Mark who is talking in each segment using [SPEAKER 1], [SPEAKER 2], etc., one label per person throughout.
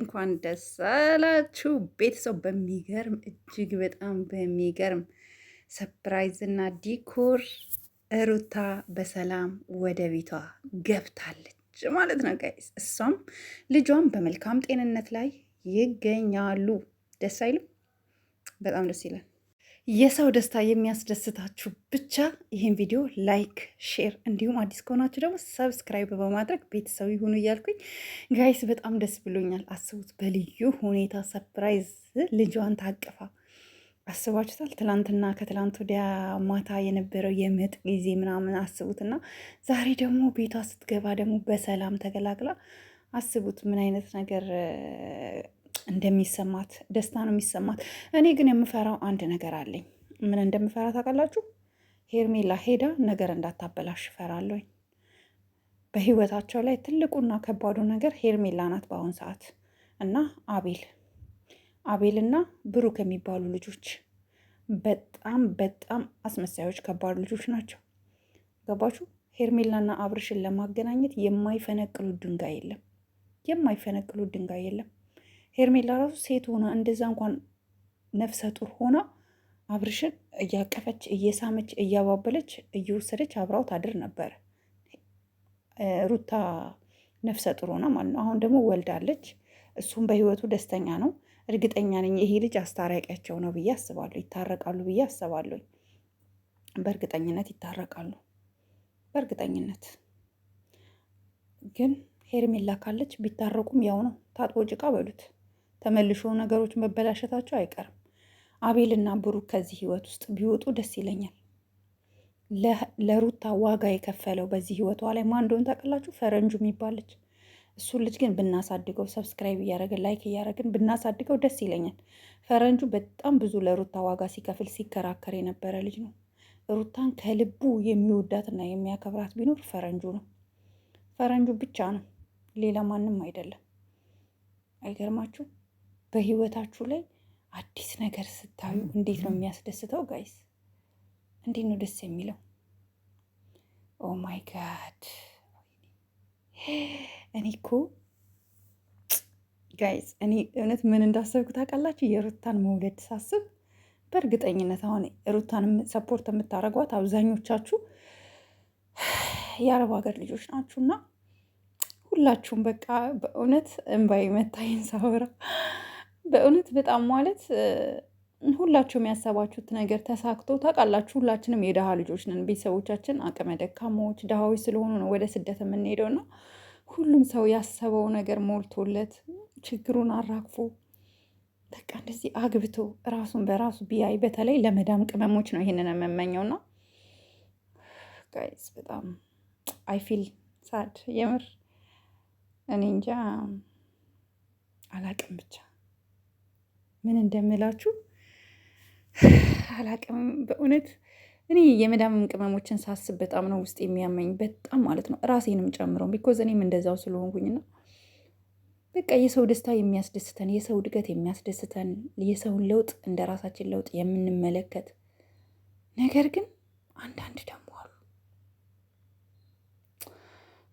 [SPEAKER 1] እንኳን ደስ አላችሁ ቤተሰብ። በሚገርም እጅግ በጣም በሚገርም ሰፕራይዝ እና ዲኮር ሩታ በሰላም ወደ ቤቷ ገብታለች ማለት ነው ጋይስ። እሷም ልጇም በመልካም ጤንነት ላይ ይገኛሉ። ደስ አይልም? በጣም ደስ ይላል። የሰው ደስታ የሚያስደስታችሁ ብቻ ይህን ቪዲዮ ላይክ፣ ሼር እንዲሁም አዲስ ከሆናችሁ ደግሞ ሰብስክራይብ በማድረግ ቤተሰብ ይሁኑ እያልኩኝ ጋይስ በጣም ደስ ብሎኛል። አስቡት፣ በልዩ ሁኔታ ሰፕራይዝ ልጇን ታቅፋ አስባችሁታል። ትላንትና ከትላንት ወዲያ ማታ የነበረው የምጥ ጊዜ ምናምን አስቡትና ዛሬ ደግሞ ቤቷ ስትገባ ደግሞ በሰላም ተገላግላ አስቡት ምን አይነት ነገር እንደሚሰማት ደስታ ነው የሚሰማት። እኔ ግን የምፈራው አንድ ነገር አለኝ። ምን እንደምፈራ ታውቃላችሁ? ሄርሜላ ሄዳ ነገር እንዳታበላሽ እፈራለሁኝ። በህይወታቸው ላይ ትልቁና ከባዱ ነገር ሄርሜላ ናት በአሁን ሰዓት እና አቤል አቤልና ብሩክ የሚባሉ ልጆች በጣም በጣም አስመሳዮች ከባድ ልጆች ናቸው። ገባችሁ? ሄርሜላና አብርሽን ለማገናኘት የማይፈነቅሉት ድንጋይ የለም፣ የማይፈነቅሉት ድንጋይ የለም። ሄርሜላ ራሱ ሴት ሆና እንደዛ እንኳን ነፍሰ ጡር ሆና አብርሽን እያቀፈች እየሳመች እያባበለች እየወሰደች አብራው ታድር ነበር። ሩታ ነፍሰ ጡር ሆና ማለት ነው። አሁን ደግሞ ወልዳለች። እሱም በህይወቱ ደስተኛ ነው። እርግጠኛ ነኝ ይሄ ልጅ አስታራቂያቸው ነው ብዬ አስባለሁ። ይታረቃሉ ብዬ አስባለሁ። በእርግጠኝነት ይታረቃሉ። በእርግጠኝነት ግን ሄርሜላ ካለች ቢታረቁም ያው ነው። ታጥቦ ጭቃ በሉት። ተመልሾ ነገሮች መበላሸታቸው አይቀርም። አቤልና ብሩክ ከዚህ ህይወት ውስጥ ቢወጡ ደስ ይለኛል። ለሩታ ዋጋ የከፈለው በዚህ ህይወቷ ላይ ማን እንደሆነ ታውቃላችሁ? ፈረንጁ የሚባለች እሱ ልጅ ግን ብናሳድገው፣ ሰብስክራይብ እያደረግን ላይክ እያደረግን ብናሳድገው ደስ ይለኛል። ፈረንጁ በጣም ብዙ ለሩታ ዋጋ ሲከፍል ሲከራከር የነበረ ልጅ ነው። ሩታን ከልቡ የሚወዳትና የሚያከብራት ቢኖር ፈረንጁ ነው። ፈረንጁ ብቻ ነው፣ ሌላ ማንም አይደለም። አይገርማችሁ? በህይወታችሁ ላይ አዲስ ነገር ስታዩ እንዴት ነው የሚያስደስተው? ጋይስ እንዴት ነው ደስ የሚለው? ኦ ማይ ጋድ እኔ እኮ ጋይስ እኔ እውነት ምን እንዳሰብኩ ታውቃላችሁ? የሩታን መውለድ ሳስብ በእርግጠኝነት አሁን ሩታን ሰፖርት የምታደርጓት አብዛኞቻችሁ የአረብ ሀገር ልጆች ናችሁና ሁላችሁም በቃ በእውነት እንባይ መታይን ሳወራ በእውነት በጣም ማለት ሁላችሁም ያሰባችሁት ነገር ተሳክቶ ታውቃላችሁ። ሁላችንም የድሃ ልጆች ነን። ቤተሰቦቻችን አቅመ ደካማዎች ድሃዎች ስለሆኑ ነው ወደ ስደት የምንሄደው እና ሁሉም ሰው ያሰበው ነገር ሞልቶለት ችግሩን አራግፎ በቃ እንደዚህ አግብቶ ራሱን በራሱ ቢያይ በተለይ ለመዳም ቅመሞች ነው ይሄንን የምመኘውና ጋይስ በጣም አይፊል ሳድ የምር እኔ እንጃ አላቅም ብቻ ምን እንደምላችሁ አላቅም። በእውነት እኔ የመዳምም ቅመሞችን ሳስብ በጣም ነው ውስጥ የሚያመኝ በጣም ማለት ነው፣ ራሴንም ጨምረው ቢኮዝ እኔም እንደዛው ስለሆንኩኝና በቃ የሰው ደስታ የሚያስደስተን የሰው እድገት የሚያስደስተን የሰውን ለውጥ እንደ ራሳችን ለውጥ የምንመለከት ነገር ግን አንዳንድ ደግሞ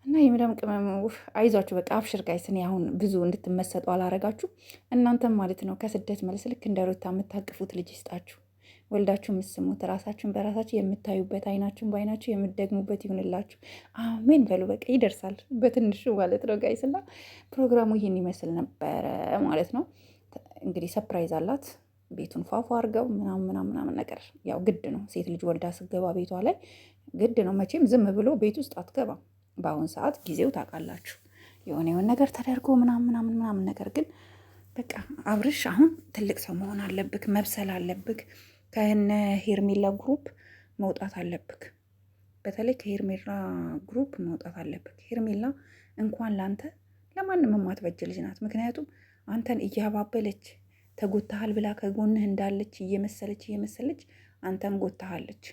[SPEAKER 1] እና የመዳም ቅመም ውፍ አይዟችሁ፣ በቃ አብሽር ጋይስ። እኔ አሁን ብዙ እንድትመሰጡ አላረጋችሁ እናንተም ማለት ነው። ከስደት መልስ ልክ እንደ ሩታ የምታቅፉት ልጅ ይስጣችሁ፣ ወልዳችሁ የምትስሙት፣ ራሳችሁን በራሳችሁ የምታዩበት፣ አይናችሁን በአይናችሁ የምትደግሙበት ይሁንላችሁ። አሜን በሉ። በቃ ይደርሳል በትንሹ ማለት ነው ጋይስ። እና ፕሮግራሙ ይህን ይመስል ነበረ ማለት ነው። እንግዲህ ሰፕራይዝ አላት ቤቱን ፏፏ አድርገው ምናምን ምናምን ምናምን ነገር ያው ግድ ነው። ሴት ልጅ ወልዳ ስገባ ቤቷ ላይ ግድ ነው መቼም ዝም ብሎ ቤት ውስጥ አትገባም። በአሁን ሰዓት ጊዜው ታውቃላችሁ የሆነ የሆነ ነገር ተደርጎ ምናምን ምናምን ምናምን ነገር ግን በቃ አብርሽ አሁን ትልቅ ሰው መሆን አለብክ፣ መብሰል አለብክ። ከነ ሄርሜላ ግሩፕ መውጣት አለብክ። በተለይ ከሄርሜላ ግሩፕ መውጣት አለብክ። ሄርሜላ እንኳን ለአንተ ለማንም የማትበጅ ልጅ ናት። ምክንያቱም አንተን እያባበለች ተጎታሃል ብላ ከጎንህ እንዳለች እየመሰለች እየመሰለች አንተም ጎታሃለች።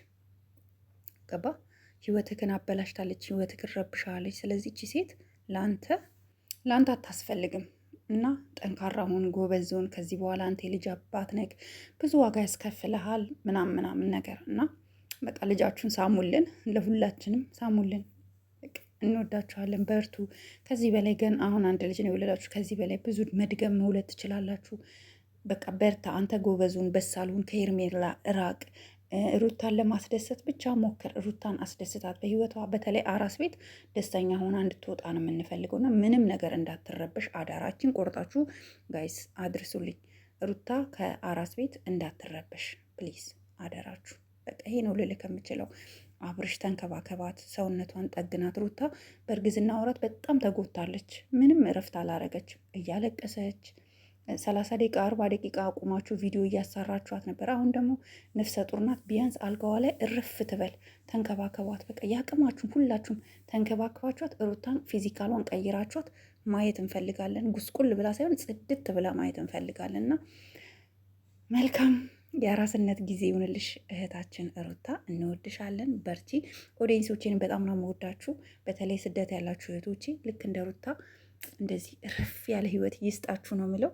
[SPEAKER 1] ገባ ህይወትህን አበላሽታለች፣ ህይወትህን ረብሻለች። ስለዚህ እቺ ሴት ለአንተ ለአንተ አታስፈልግም እና ጠንካራ ሁን፣ ጎበዝ ሁን። ከዚህ በኋላ አንተ የልጅ አባት ነህ፣ ብዙ ዋጋ ያስከፍልሃል ምናምን ምናምን ነገር እና በቃ ልጃችሁን ሳሙልን፣ ለሁላችንም ሳሙልን። እንወዳችኋለን፣ በርቱ። ከዚህ በላይ ገን አሁን አንድ ልጅ ነው የወለዳችሁ። ከዚህ በላይ ብዙ መድገም መውለድ ትችላላችሁ። በቃ በርታ፣ አንተ ጎበዙን፣ በሳልሁን፣ ከሄርሜላ ራቅ። ሩታን ለማስደሰት ብቻ ሞክር። ሩታን አስደስታት። በህይወቷ በተለይ አራስ ቤት ደስተኛ ሆና እንድትወጣ ነው እና ምንም ነገር እንዳትረበሽ አዳራችን ቆርጣችሁ ጋይስ አድርሱልኝ። ሩታ ከአራስ ቤት እንዳትረበሽ ፕሊዝ፣ አደራችሁ። በቃ ይሄ ነው ልልህ ከምችለው። አብርሽ ተንከባከባት፣ ሰውነቷን ጠግናት። ሩታ በእርግዝና ወራት በጣም ተጎታለች። ምንም እረፍት አላረገች፣ እያለቀሰች ሰላሳ ደቂቃ አርባ ደቂቃ አቁማችሁ ቪዲዮ እያሰራችኋት ነበር። አሁን ደግሞ ነፍሰ ጡር ናት። ቢያንስ አልጋዋ ላይ እርፍ ትበል። ተንከባከቧት። በቃ ያቅማችሁም ሁላችሁም ተንከባከባችኋት። ሩታን ፊዚካሏን ቀይራችኋት ማየት እንፈልጋለን። ጉስቁል ብላ ሳይሆን ጽድት ብላ ማየት እንፈልጋለን። እና መልካም የአራስነት ጊዜ ይሁንልሽ እህታችን ሩታ፣ እንወድሻለን። በርቺ። ኦዲየንሶቼን በጣም ነው የምወዳችሁ። በተለይ ስደት ያላችሁ እህቶቼ ልክ እንደ ሩታ እንደዚህ እርፍ ያለ ህይወት ይስጣችሁ ነው ምለው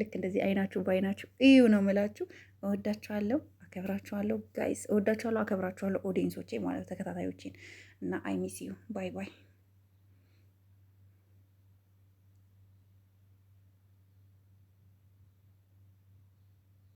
[SPEAKER 1] ልክ እንደዚህ አይናችሁ በአይናችሁ እዩ ነው የምላችሁ። እወዳችኋለሁ፣ አከብራችኋለሁ። ጋይስ እወዳችኋለሁ፣ አከብራችኋለሁ። ኦዲየንሶቼ ማለት ተከታታዮቼን እና አይ ሚስ ዩ ባይ ባይ።